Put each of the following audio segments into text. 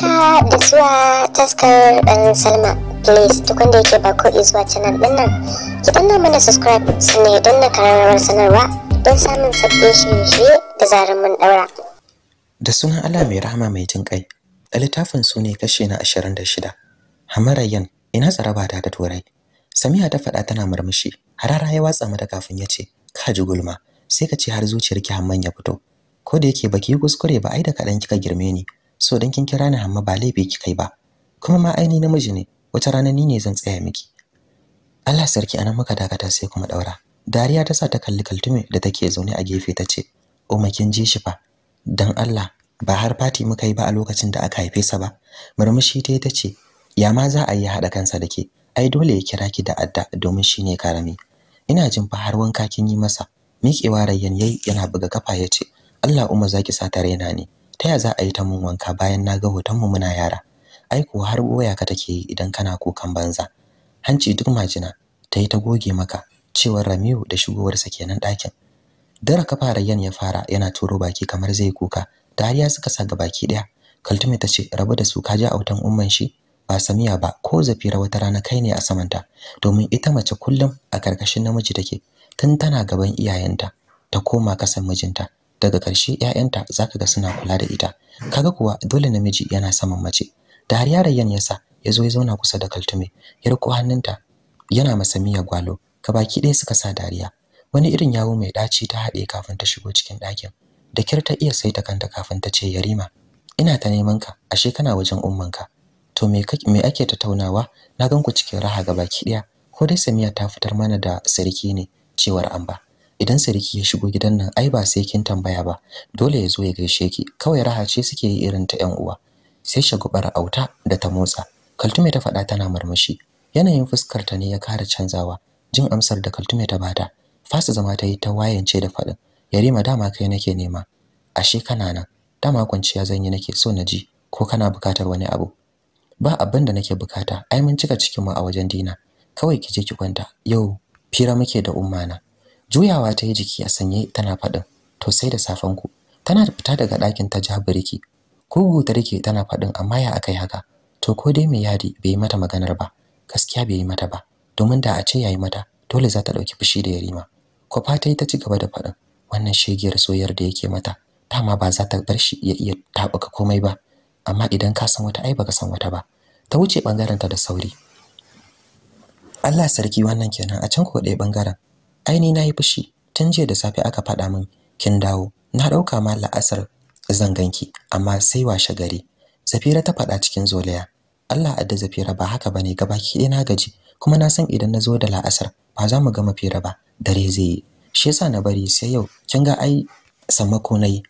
haka da zuwa taskar dan salma please duk wanda yake ba ko zuwa canal din nan ki danna mana subscribe sannan ya danna karamar sanarwa don samun sabbin shirye-shirye da zarar mun daura da sunan allah mai rahama mai jin kai a littafin su ne kashe na ashirin da shida hamarayyan ina tsaraba ta da turai samiya ta faɗa tana murmushi harara ya watsa mata kafin ya ce ka ji gulma sai ka ce har zuciyarki hamman ya fito ko da yake baki kuskure ba ai da kaɗan kika girme ni so dan kin kira ni hamma ba laifi ki kai ba kuma ma aini namiji ne wata rana ni ne zan tsaya miki Allah sarki anan muka dakata sai kuma daura dariya ta sa ta kalli kaltume da take zaune a gefe ta ce o kin ji shi fa dan Allah ba har fati muka yi ba a lokacin da aka haife sa ba murmushi ta ta ce ya ma za a yi haɗa kansa da ke ai dole ya kira ki da adda domin shi ne karami ina jin fa har wanka kin yi masa miƙewa rayyan yayi yana buga kafa ya ce Allah umma zaki sa ta raina ne ta yaya za a yi ta mun wanka bayan na ga hoton mu muna yara ai kuwa har boya ka take yi idan kana kukan banza hanci duk majina ta yi ta goge maka cewar Ramiu da shigowarsa kenan ɗakin dara yan ya fara yana turo baki kamar zai kuka dariya suka sa baki ɗaya. kaltume ta ce rabu da su ka a autan umman shi ba samiya ba ko zafira wata rana kai ne a samanta domin ita mace kullum a karkashin namiji take tun tana gaban iyayenta ta koma kasan mijinta daga ƙarshe ƴaƴanta zaka ga suna kula da ita kaga kuwa dole namiji yana saman mace da har yarayyan yasa ya zo ya zauna kusa da kaltume ya riko hannunta yana masa miya gwalo ka baki ɗaya suka sa dariya wani irin yawo mai ɗaci ta haɗe kafin ta shigo cikin ɗakin da kyar ta iya saita kanta kafin ta ce yarima ina ta neman ka ashe kana wajen ummanka to me me ake tattaunawa na gan ku cikin raha ga baki ɗaya ko dai samiya ta fitar mana da sarki ne cewar amba idan sarki ya shigo gidan nan ai ba sai kin tambaya ba dole ya zo ya gaishe ki kawai raha ce suke yi irin ta 'yan uwa sai shagubar auta da ta motsa kaltume ta faɗa tana murmushi yanayin fuskar ta ne ya kara canzawa jin amsar da kaltume ta bata fasa zama ta yi ta wayance da faɗin yarima dama kai nake nema ashe kana nan dama kwanciya zan yi nake so na ji ko kana bukatar wani abu ba abin da nake bukata ai mun cika cikin mu a wajen dina kawai ki je ki kwanta yau fira muke da ummana. juyawa ta yi jiki a sanye tana faɗin to sai da safen ku tana fita daga ɗakin ta ja riki. kugu ta rike tana faɗin amma ya yi haka to ko dai mai yadi bai yi mata maganar ba gaskiya bai yi mata ba domin da a ce ya yi mata dole za ta ɗauki fushi da yarima kwafa ta yi ta ci gaba da faɗin wannan shegiyar soyar da yake mata dama ba za ta bar shi ya iya taɓuka komai ba amma idan ka san wata ai baka san wata ba ta wuce bangaren da sauri Allah sarki wannan kenan a can ko ɗaya bangaren ai ni nayi fushi tun jiya da safe aka faɗa min kin dawo na ɗauka ma la'asar zan ganki amma sai washe gari Zafira ta faɗa cikin zolaya Allah adda Zafira ba haka bane gabaki ɗaya na gaji kuma na san idan na zo da la'asar ba za mu gama fira ba dare zai yi shi yasa na bari sai yau kin ga ai sammako nayi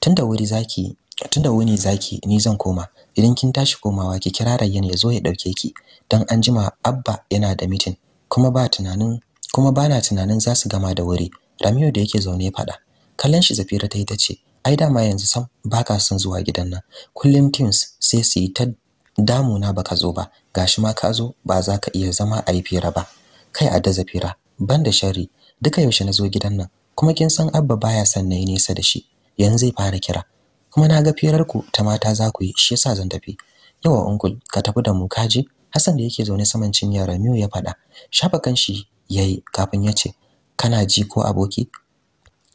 tunda wuri zaki tunda wuni zaki ni zan koma idan kin tashi komawa ki kira Rayyan ya zo ya ɗauke ki dan anjima Abba yana da meeting kuma ba tunanin kuma bana tunanin za su gama da wuri ramiyo da yake zaune faɗa kallon shi Zafira ta yi ta ce ai dama yanzu sam baka son zuwa gidan nan kullum teams sai su yi ta damuna baka zo ba gashi ma ka zo ba za ka iya zama a yi ba kai a da Zafira ban da sharri duka yaushe na zo gidan nan kuma kin san abba baya son na nesa da shi yanzu zai fara kira kuma na ga firar ku ta mata za ku yi shi yasa zan tafi yawa uncle ka tafi da mu kaji Hassan da yake zaune saman cinyar Ramiu ya faɗa shafa shi. yayi kafin ya ce kana ji ko aboki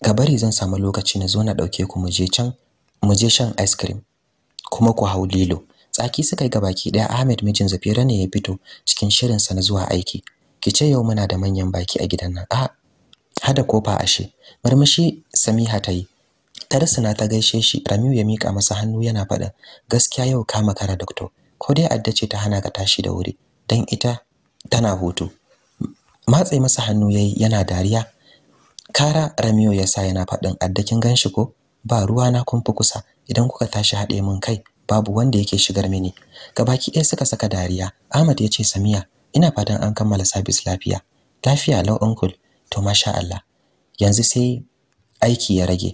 ka bari zan samu lokaci na zo na ɗauke ku muje can mu shan ice cream kuma ku hau lilo tsaki suka yi gabaki ɗaya. Ahmed mijin Zafira ne ya fito cikin shirin sa na zuwa aiki kice yau muna da manyan baki a gidan nan a ah, hada kofa ashe murmushi Samiha ta yi Tarsina ta gaishe shi Ramiu ya mika masa hannu yana faɗa gaskiya yau kama makara doctor ko dai adda ce ta hana ka tashi da wuri dan ita tana hutu matse masa hannu yayi yana dariya kara ramiyo ya sa yana faɗin addakin ganshi ko ba ruwa na kun fi kusa idan kuka tashi haɗe min kai babu wanda yake shigar mini gabaki ɗaya suka saka dariya Ahmad ya ce Samiya ina fatan an kammala sabis lafiya lafiya lau uncle to masha Allah yanzu sai aiki ya rage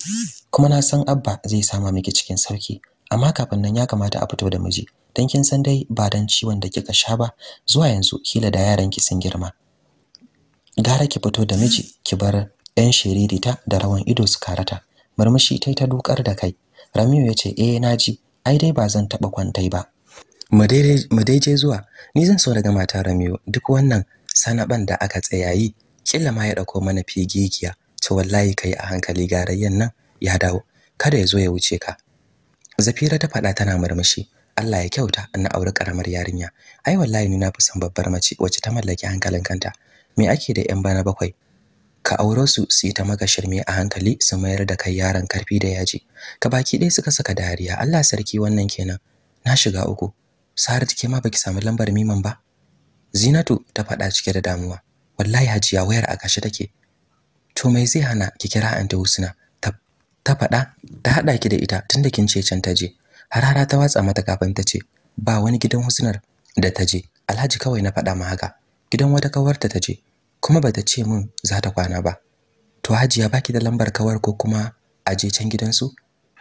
kuma na san abba zai sama miki cikin sauki amma kafin nan ya kamata a fito da miji dan kin san dai ba dan ciwon da kika sha ba zuwa yanzu kila da yaran ki sun girma gara ki fito da miji ki bar yan shiririta da rawan ido su karata murmushi tai ta dukar da kai Ramiu ya ce eh na ji ai dai ba zan taɓa kwantai ba mu dai je zuwa ni zan so daga mata Ramiu duk wannan sanaban da aka tsayayi kila ma ya ɗauko mana figigiya to wallahi kai a hankali garayyan nan ya dawo kada ya zo ya wuce ka Zafira ta faɗa tana murmushi Allah ya kyauta na auri karamar yarinya ai wallahi ni na fi son babbar mace wacce ta mallaki hankalin kanta me ake da yan bana bakwai ka aure su su yi ta maka shirme a hankali su mayar da kai yaron karfi da yaji ka baki ɗaya suka saka dariya Allah sarki wannan kenan na shiga uku Sarat ke ma baki samu lambar miman ba Zinatu ta faɗa cike da damuwa wallahi hajiya wayar a kashe take to mai zai hana ki kira anta Husna ta faɗa ta hada ki da ita tunda kin ce can taje je harara ta watsa mata kafin ta ce ba wani gidan Husnar da taje Alhaji kawai na faɗa ma haka gidan wata kawarta ta je kuma bata ce min za ta kwana ba to hajiya baki da lambar kawar ko kuma aje can su?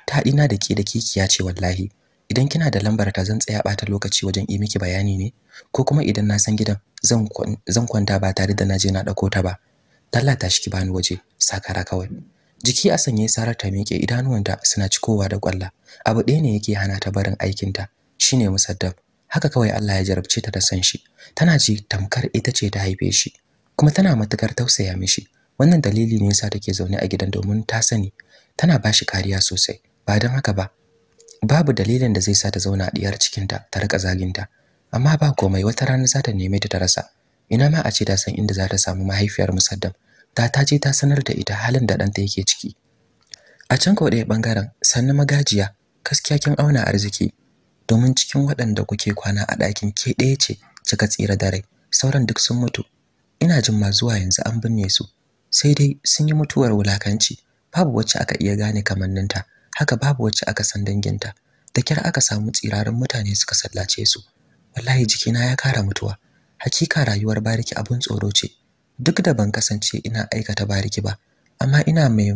ta ina da ke da kikiya ce wallahi idan kina da lambar ta zan tsaya bata lokaci wajen yi miki bayani ne ko kuma idan na san gidan zan zan kwanta ba tare da na je na dauko ta ba Talla ta ki bani waje sakara kawai jiki a sanye sarar ta miƙe idanuwanta suna cikowa da kwalla abu ɗaya ne yake hana ta barin aikinta shine musaddab haka kawai Allah ya jarabce ta da san shi tana ji tamkar ita ce ta haife shi kuma tana matukar tausaya mishi wannan dalili ne yasa take zaune a gidan domin ta sani tana ba shi kariya sosai ba don haka ba babu dalilin da zai sa ta zauna a diyar cikinta ta rika zagin ta amma ba komai wata rana za ta neme ta ta rasa ina ma a ce ta san inda za ta samu mahaifiyar musaddam ta ta je ta sanar da ita halin da ɗanta yake ciki a can ko ɗaya ɓangaren sannu magajiya gaskiya kin auna arziki domin cikin waɗanda kuke kwana a ɗakin ke ɗaya ce kika tsira da rai sauran duk sun mutu ina jin ma zuwa yanzu an binne su sai dai sun yi mutuwar wulakanci babu wacce aka iya gane kamanninta haka babu wacce aka san danginta da kyar aka samu tsirarin mutane suka sallace su wallahi jikina ya kara mutuwa hakika rayuwar bariki abun tsoro ce duk da ban kasance ina aikata bariki ba amma ina mai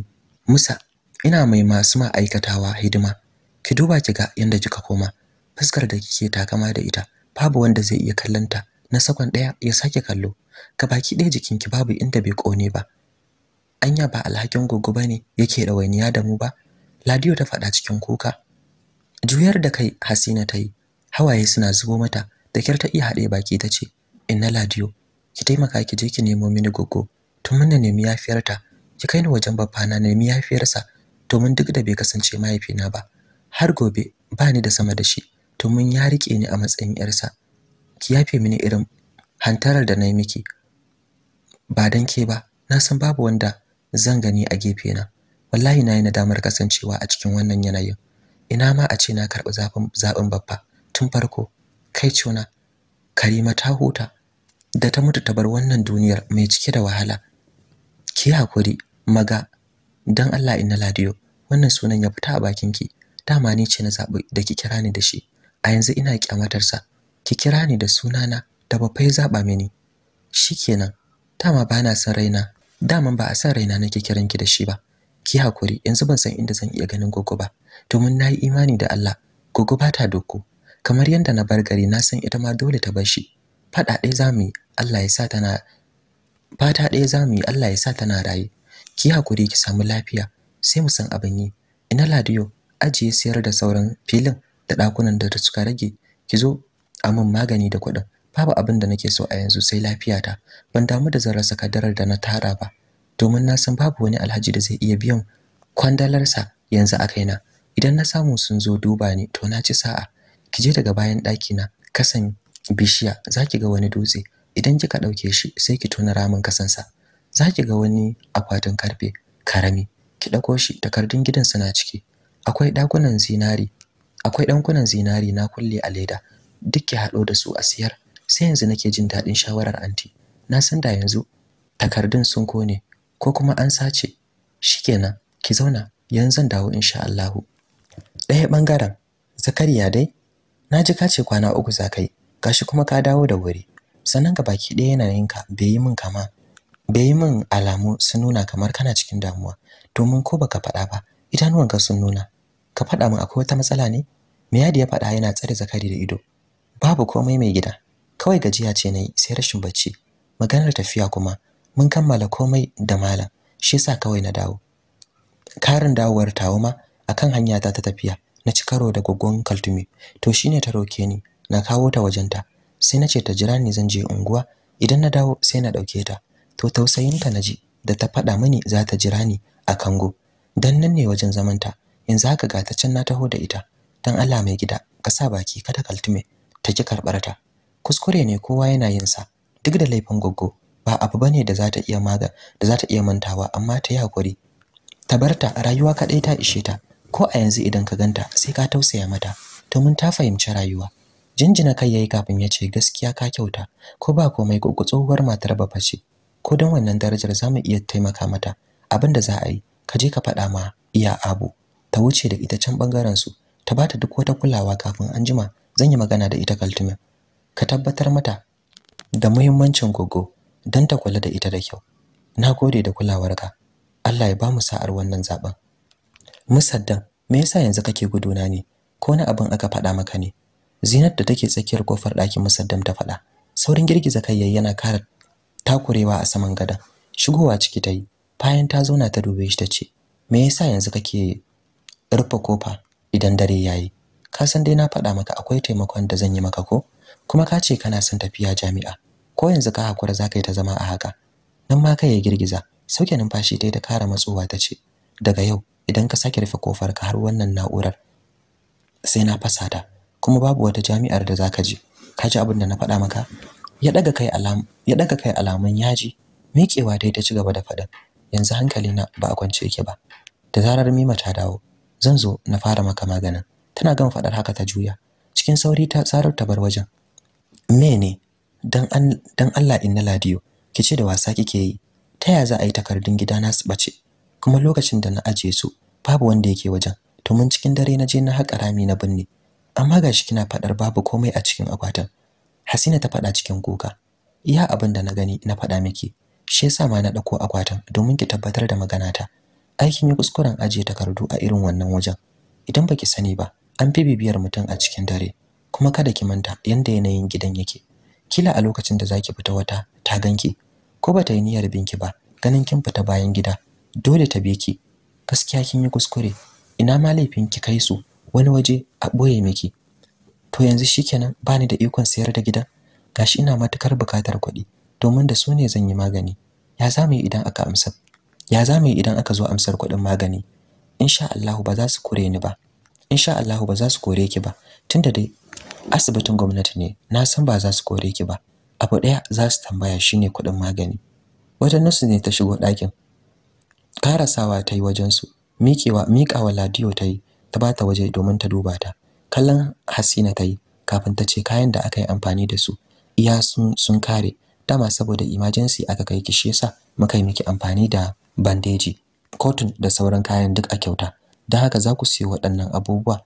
musa ina mai masu ma'aikatawa hidima ki duba ki ga yanda kika koma fuskar da kike takama da ita babu wanda zai iya kallanta na sakon daya ya sake kallo baki ɗaya jikinki babu inda bai kone ba anya ba alhakin gogo bane yake ɗawainiya da mu ba ladiyo ta faɗa cikin kuka juyar da kai hasina ta yi hawaye suna zubo mata da kyar ta iya haɗe baki ta ce inna ladiyo ki taimaka ki je ki nemo mini gogo tun mun nemi yafiyarta ki kai ni wajen babba na nemi yafiyarsa domin duk da bai kasance mahaifina ba har gobe bani da sama da shi mun ya rike ni a matsayin yarsa ki yafe mini irin hantarar da na yi miki ba dan ke ba na san babu wanda zan gani a gefe na wallahi na yi nadamar kasancewa a cikin wannan yanayin ina ma a ce na karɓi zafin zaɓin babba tun farko kai cuna karima ta huta da ta mutu ta bar wannan duniyar mai cike da wahala ki hakuri maga dan Allah inna ladiyo wannan sunan ya fita a bakin ki dama ni ce na zabi da ki kira ni da shi a yanzu ina kyamatarsa. ki kira ni da sunana da zaɓa zaba mini shikenan dama bana san raina Dama ba a san raina nake kiran ki da shi ba ki hakuri yanzu ban san inda zan iya ganin gogo ba domin nayi imani da Allah gogo ba ta doko kamar yanda na bar gari na san ita ma dole ta bar shi fada ɗaya zamu yi Allah ya sa tana fata ɗaya zamu yi Allah ya sa tana raye ki hakuri ki samu lafiya sai mu san abin yi ina ladiyo ajiye sayar da sauran filin da ɗakunan da suka rage ki zo a min magani da kuɗin babu abin da nake so a yanzu sai lafiyata ban damu da zarar kadarar da na tara ba domin na san babu wani alhaji da zai iya biyan kwandalarsa yanzu a kaina idan na samu sun zo duba ni to na ci sa'a ki je daga bayan ɗaki na kasan bishiya zaki ga wani dutse idan kika ɗauke shi sai ki tona ramin kasan sa zaki ga wani akwatin karfe karami ki ɗauko shi takardun gidan suna ciki akwai ɗakunan zinari akwai ɗankunan zinari na kulle a leda duk ki haɗo da su a siyar sai yanzu nake jin daɗin shawarar anti na san da yanzu takardun sun kone ko kuma an sace shikenan ki zauna yanzu zan dawo insha Allah ɗaya bangaren zakariya dai na ji ka ce kwana uku za ka gashi kuma ka dawo da wuri sannan ga baki ɗaya yanayinka bai yi min kama bai yi min alamu sun nuna kamar kana cikin damuwa domin ko baka faɗa ba idanuwanka sun nuna ka faɗa min akwai wata matsala ne yadi ya faɗa yana tsare zakari da ido babu komai mai gida kawai gajiya ce nayi sai rashin bacci maganar tafiya kuma mun kammala komai da malam shi yasa kawai na dawo karin dawowar tawo ma akan hanya ta ta tafiya na ci karo da goggon kaltumi to shine ta roke ni na kawo ta wajenta sai na ce ta jira ni zan je unguwa idan na dawo sai na dauke ta to tausayinta ji da ta faɗa mini za ta jira ni a kango dan nan ne wajen zamanta yanzu haka ga ta can na taho da ita dan Allah mai gida ka sa baki kada kaltume ta ki karbarta kuskure ne kowa yana yin sa duk da laifin goggo ba abu bane da za ta iya maga da za ta iya mantawa amma ta yi hakuri ta barta rayuwa kadai ta ishe ta ko a yanzu idan ka ganta sai ka tausaya mata domin ta fahimci rayuwa jinjina kai yayi kafin ya ce gaskiya ka kyauta ko ba komai goggo tsohuwar matar bafa ce ko don wannan darajar za mu iya taimaka mata abin da za a yi ka je ka faɗa ma iya abu ta wuce da ita can bangaren su ta bata duk wata kulawa kafin anjima zan yi magana da ita kaltumin ka tabbatar mata da muhimmancin gogo don ta kula da ita da kyau na gode da kulawarka Allah ya ba mu sa'ar wannan zaben musaddan me yasa yanzu kake guduna ne ko na abin aka faɗa maka ne zinat da take tsakiyar kofar ɗakin musaddam ta faɗa saurin girgiza kai yana kara takurewa a saman gadon. shigowa ciki ta yi bayan ta zauna ta dube shi ta ce me yasa yanzu kake rufe kofa idan dare yayi ka san dai na faɗa maka akwai taimakon da zan yi maka ko kuma ka ce kana son tafiya jami'a ko yanzu ka hakura za ka yi ta zama a haka nan ma kai ya girgiza sauke numfashi ta yi ta kara matsowa ta ce daga yau idan ka sake rufe kofar ka har wannan na'urar sai na fasa ta kuma babu wata jami'ar da za ka je ka ji abin da na faɗa maka ya ɗaga kai alamun yaji miƙewa dai ta ci gaba da faɗa yanzu hankalina ba a kwance yake ba da zarar mima ta dawo zan zo na fara maka maganin tana gan faɗar haka ta juya cikin sauri ta tsarar ta bar wajen mene dan Allah inna ladiyo ki ce da wasa kike yi ta ya za a yi takardun gida na su bace kuma lokacin da na aje su babu wanda yake wajen to mun cikin dare na je na haƙa rami na binne amma gashi kina fadar babu komai a cikin akwatin Hasina ta fada cikin kuka iya abin da na gani na fada miki shi yasa ma na dauko akwatin domin ki tabbatar da maganata aikin yi kuskuren aje takardu a irin wannan wajen idan baki sani ba an fi bibiyar mutum a cikin dare kuma kada ki manta yanda yanayin gidan yake kila a lokacin da zaki fita wata ta ganki ko bata yi niyyar binki ba ganin kin fita bayan gida dole ta bi ki gaskiya kin yi kuskure ina ma laifin ki kai su wani waje a boye miki to yanzu shikenan bani da ikon sayar da gidan gashi ina matukar bukatar kuɗi domin da su ne zan yi magani ya zamu yi idan aka amsa ya zamu yi idan aka zo amsar kuɗin magani insha Allah ba za su kore ni ba insha Allah ba za su kore ki ba tunda dai asibitin gwamnati ne na san ba za su kore ki ba abu daya za su tambaya shine kuɗin magani wata nasu ne ta shigo ɗakin karasawa ta yi wajensu miƙewa miƙawa ladiyo ta yi ta bata waje domin ta duba ta kallon hasina ta yi kafin ta ce kayan da aka yi amfani da su iya sun sun kare dama saboda emergency aka kai ki shi muka yi miki amfani da bandeji kotun, da sauran kayan duk a kyauta don haka za ku siyo waɗannan abubuwa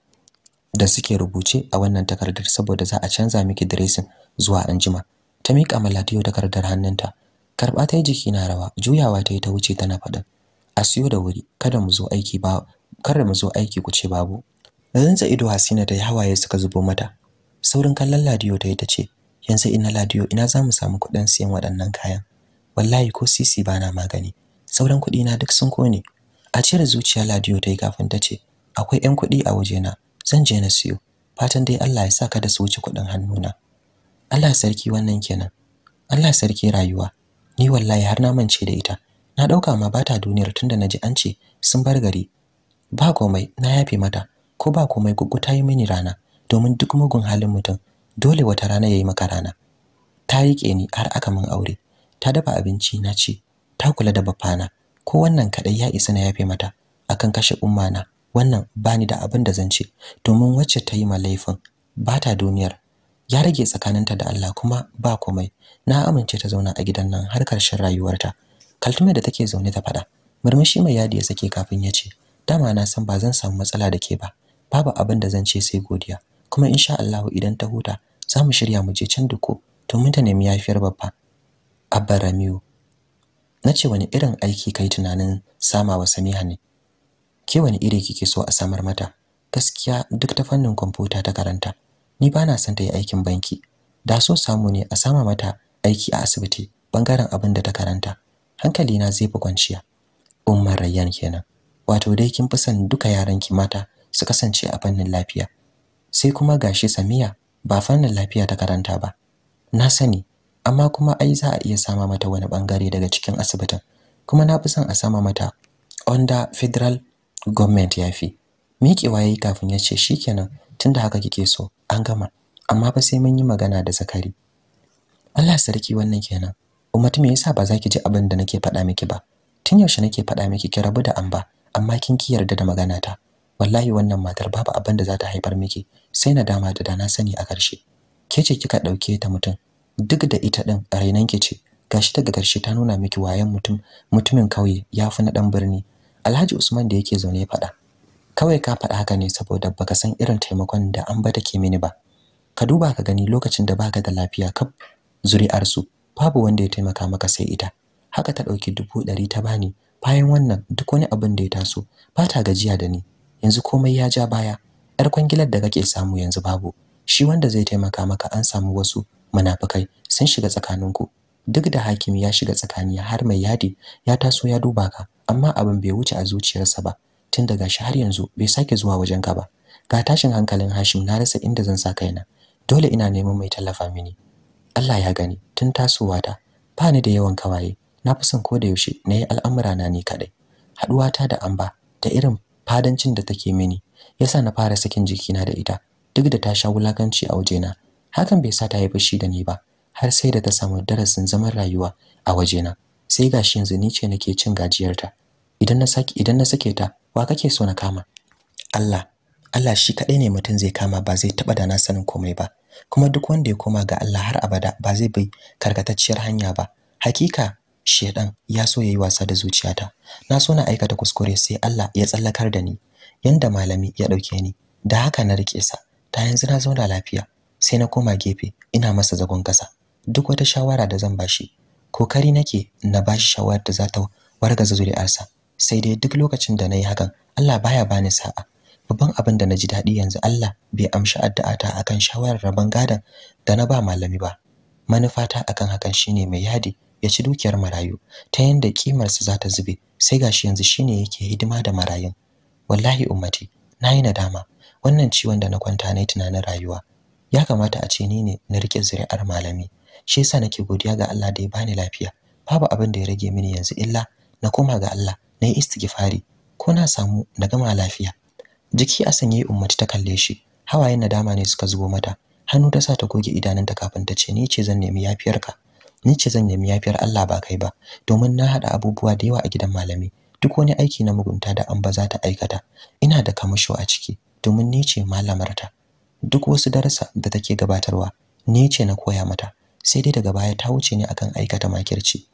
da suke rubuce a wannan takardar saboda za a canza miki diresin zuwa anjima ta miƙa maladiyo Ladiyo takardar hannunta karɓa ta yi jiki na rawa juyawa ta yi ta wuce tana faɗin a siyo da wuri kada mu zo aiki ba kada mu zo aiki kuce babu rantsa ido Hasina ta hawaye suka zubo mata saurin kallon Ladiyo ta yi ta ce yanzu ina Ladiyo ina za mu samu kuɗin siyan waɗannan kayan wallahi ko sisi bana magani sauran kuɗi na duk sun kone a cire zuciya Ladiyo ta yi kafin ta ce akwai 'yan kuɗi a wajena zan je na siyo fatan dai Allah ya saka da su wuce kuɗin hannuna Allah sarki wannan kenan Allah sarki rayuwa ni wallahi har na mance da ita na dauka ma bata duniyar tunda naji an ce sun bar gari ba komai na yafe mata ko ba komai gugguta ta yi mini rana domin duk mugun halin mutum dole wata rana yayi maka rana ta rike ni har aka min aure ta dafa abinci na ci ta kula da bafana ko wannan kadai ya isa na yafe mata akan kashe umma wannan bani da abin da zan ce domin wacce ta yi malaifin ba ta duniyar ya rage tsakaninta da Allah kuma ba komai na amince ta zauna a gidan nan har karshen rayuwarta kaltume da take zaune ta faɗa murmushi mai yadi ya sake kafin ya ce dama na san ba zan samu matsala da ke ba babu abin da zan ce sai godiya kuma insha Allah idan ta huta za mu shirya mu je can duko domin ta nemi yafiyar babba abba ramiu na ce wani irin aiki kai tunanin sama wa samiha ne ke wani iri kike so a samar mata gaskiya duk ta fannin kwamfuta ta karanta ni ba na son ta yi aikin banki da so samu ne a sama mata aiki a asibiti bangaren abin da ta karanta hankali na zai fi kwanciya umar rayyan kenan wato dai kin fi son duka yaran ki mata su kasance a fannin lafiya sai kuma gashi Samiya ba fannin lafiya ta karanta ba na sani amma kuma ai za a iya sama mata wani bangare daga cikin asibitin kuma na fi son a sama mata under federal gwamnati ya fi miƙewa yayi kafin ya ce shikenan tunda haka kike so an gama amma fa sai mun yi magana da zakari Allah sarki wannan kenan ta me yasa ba za ki ji abin da nake faɗa miki ba tun yaushe nake faɗa miki ki rabu da amba amma kin ki yarda da magana ta wallahi wannan matar babu abin da za ta haifar miki sai na dama da dana sani a ƙarshe ke ce kika ɗauke ta mutum duk da ita ɗin rainan ki ce gashi daga ƙarshe ta nuna miki wayan mutum mutumin kauye ya fi na ɗan birni Alhaji Usman da yake zaune faɗa. Kawai ka faɗa haka ne saboda baka san irin taimakon da an bata ke mini ba. Ka duba ka gani lokacin da baka da lafiya kaf zuri'ar su babu wanda ya taimaka maka sai ita. Haka ta ɗauki dubu ɗari ta bani bayan wannan duk wani abin da ya taso ba ta gajiya da ni yanzu komai ya ja baya yar kwangilar da kake samu yanzu babu shi wanda zai taimaka maka an samu wasu munafukai sun shiga tsakaninku duk da hakimi ya shiga tsakani har mai yadi ya taso ya duba ka amma abin bai wuce a zuciyarsa ba tun daga shi har yanzu bai sake zuwa wajenka ba ga tashin hankalin Hashim na rasa inda zan sa kaina dole ina neman mai tallafa mini Allah ya gani tun tasowata ba ni da yawan kawaye na fi son ko da yaushe na yi al'amura na ni kadai ta da amba da irin fadancin da take mini yasa na fara sakin jikina da ita duk da ta sha wulakanci a wajena hakan bai sa ta yi fushi da ni ba har sai da ta samu darasin zaman rayuwa a wajena sai gashi yanzu ni ce nake cin gajiyarta idan na saki idan na sake ta wa kake so na kama Allah Allah shi kadai ne mutum zai kama ba zai taba da na sanin komai ba kuma duk wanda ya koma ga Allah har abada ba zai bai karkatacciyar hanya ba hakika shedan ya so yayi wasa da zuciyata na so na aikata kuskure sai Allah ya tsallakar da ni yanda malami ya dauke ni da haka na rike sa ta yanzu na zauna lafiya sai na koma gefe ina masa zagon kasa duk wata shawara da zan bashi kokari nake na bashi shawarar da za ta wargaza zuri'arsa sai dai duk lokacin da na yi hakan Allah baya bani sa'a babban abin da na ji daɗi yanzu Allah bai amshi addu'ata akan shawarar rabon gadon da na ba malami ba manufata akan hakan shine mai yadi ya ci dukiyar marayu ta yanda kimar sa za ta zube sai gashi yanzu shine yake hidima da marayun wallahi ummati na yi nadama wannan ciwon da na kwanta yi tunanin rayuwa ya kamata a ce ni ne na riƙe zuri'ar malami shi yasa nake godiya ga Allah da ya bani lafiya babu abin da ya rage mini yanzu illa na koma ga Allah na yi istighfari ko na samu na gama lafiya jiki a sanye ummati ta kalle shi hawayen nadama ne suka zubo mata hannu ta sa ta goge idanunta kafin ta ce ni ce zan nemi yafiyarka ni ce zan nemi yafiyar Allah ba kai ba domin na hada abubuwa da yawa a gidan malami duk wani aiki na mugunta da an ba za ta aikata ina da kamasho a ciki domin ni ce malamarta duk wasu darasa da take gabatarwa ni ce na koya mata sai dai daga baya ta wuce ni akan aikata makirci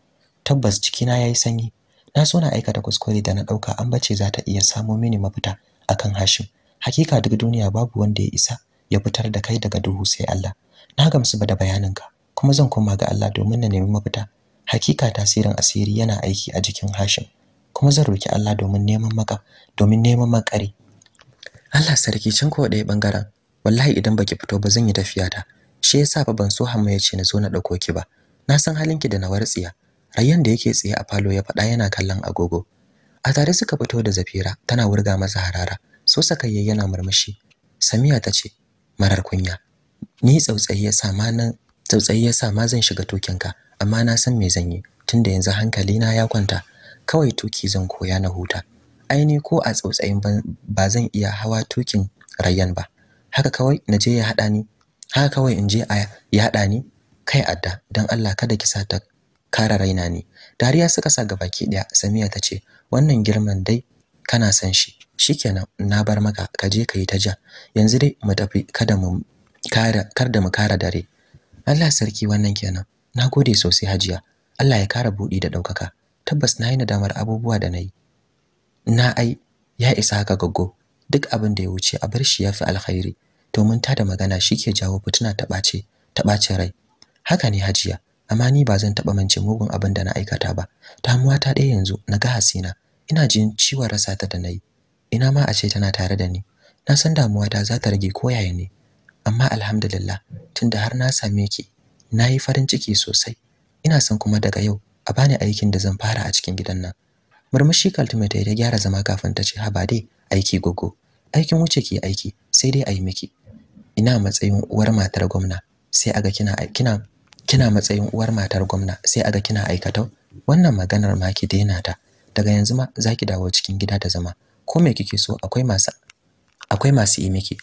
tabbas jikina yayi sanyi na so na aikata kuskure da na dauka an bace za ta iya samo mini mafita akan Hashim hakika duk duniya babu wanda ya isa ya fitar da kai daga duhu sai Allah na gamsu ba da bayaninka kuma zan koma ga Allah domin na nemi mafita hakika tasirin asiri yana aiki a jikin Hashim kuma zan roki Allah domin neman maka domin neman makari. Allah sarki cin ko ɗaya bangaren wallahi idan baki fito ba zan yi tafiya ta shi yasa fa ban so Hamma ya ce na zo na dauko ki ba na san halinki da na wartsiya a yanda yake tsaye a falo ya faɗa yana kallon agogo a tare suka fito da zafira tana wurga masa harara so sakayye yana murmushi samiya ta ce marar kunya ni tsautsayi ya sa ma nan tsautsayi ya sa zan shiga tokinka amma na san me zan yi tunda yanzu hankali na ya kwanta kawai tuki zan koya na huta aini ko a tsautsayin ba zan iya hawa tukin rayyan ba haka kawai na ya hada ni haka kawai in je a ya hada ni kai adda dan Allah kada ki sa ta kara raina ne dariya suka sa gabaki daya samiya ta ce wannan girman dai kana san shi shikenan na bar maka ka je ka yi ta ja yanzu dai mu tafi kada mu kara kar da mu kara dare Allah sarki wannan kenan Na gode sosai hajiya Allah ya kara buɗi da ɗaukaka tabbas na yi nadamar abubuwa da na yi na ai ya isa haka gaggo duk abin da ya wuce a bar shi yafi alkhairi domin ta da magana shike jawo fituna ta ɓace ta bace rai haka ne hajiya amma ni ba zan taɓa mance mugun abin da na aikata ba damuwa ta ɗaya yanzu na ga hasina ina jin ciwon rasa ta da nayi ina ma a ce tana tare da ni na san damuwa ta za ta rage koyaye ne amma alhamdulillah tunda har na same ki nayi farin ciki sosai ina san kuma daga yau a bani aikin da zan fara a cikin gidan nan murmushi kaltume ta ya gyara zama kafin ta ce haba dai aiki gogo aikin wuce ki aiki sai dai a yi miki ina matsayin uwar matar gwamna sai aga kina kina kina matsayin uwar matar gwamna sai aga kina aikata? wannan maganar ma ki daina ta daga yanzu ma zaki dawo cikin gida da zama ko me kike so akwai masu akwai masu yi miki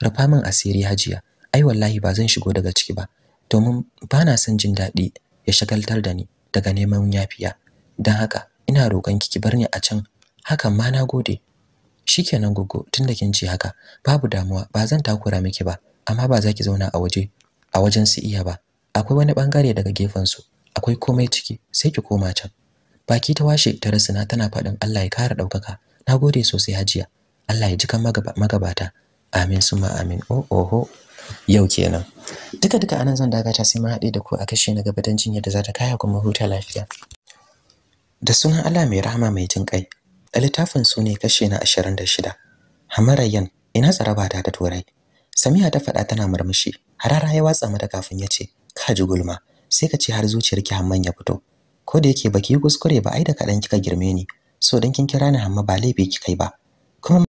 rufa min asiri hajiya ai wallahi ba zan shigo daga ciki ba domin ba na son jin daɗi ya shagaltar da ni daga neman yafiya don haka ina roƙon ki ki bar ni a can hakan ma na gode shikenan gogo tunda kin ce haka babu damuwa ba zan takura miki ba amma ba za ki zauna a waje a wajen su iya ba akwai wani bangare daga gefen su akwai komai ciki sai ki koma can baki ta washe ta rasuna tana faɗin Allah ya kara daukaka nagode sosai hajiya Allah ya ji kan magabata amin suma amin oh oho yau kenan duka duka anan zan dagata sai mun haɗe da ku a kashe na gaba don jinyar da za ta kaya kuma huta lafiya da sunan Allah mai rahama mai jin kai a littafin su ne kashe na 26 hamarayyan ina tsaraba ta da turai samiya ta faɗa tana murmushi harara ya watsa mata kafin ya ce ka ji gulma sai ka ce har zuciyarki hamman ya fito ko da yake baki kuskure ba ai da kaɗan kika girme ni so dan kin kira ni hamma ba laifi kika yi ba kuma